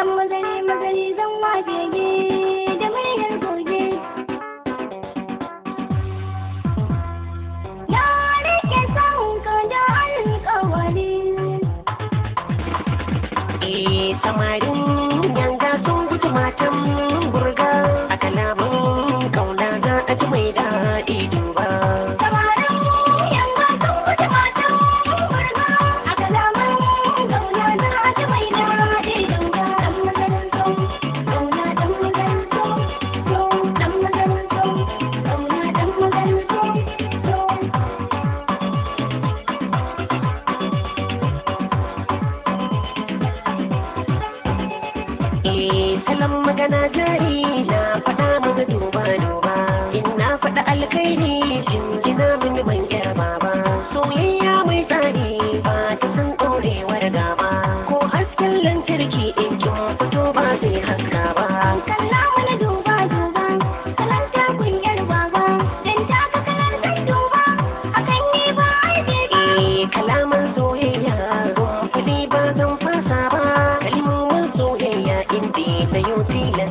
'yan mazari mazari zan wage salon magana jari na faɗa maka duba duba in na faɗa alkhairi in mini ban yarba ba soyayya mai tsari ba ta san ɗorewar gaba ko hasken lantarki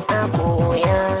na koya.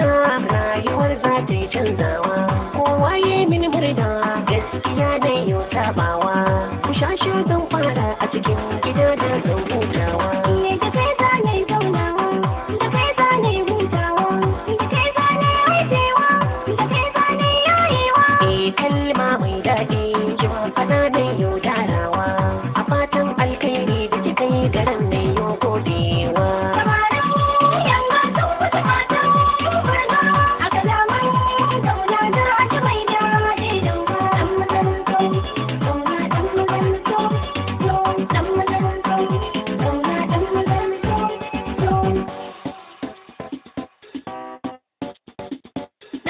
rana rayuwar za ta yi canzawa kowa ya min murna gaskiya da yau sabawa ku shashe zan fara a cikin gidan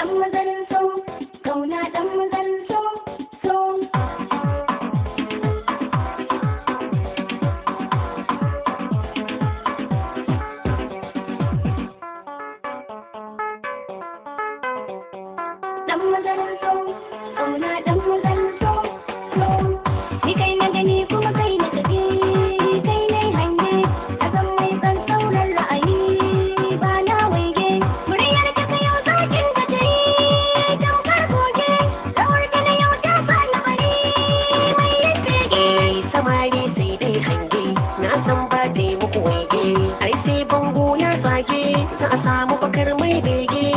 Ɗan mazan so kauna dan mazan so so a samu bakar mai bege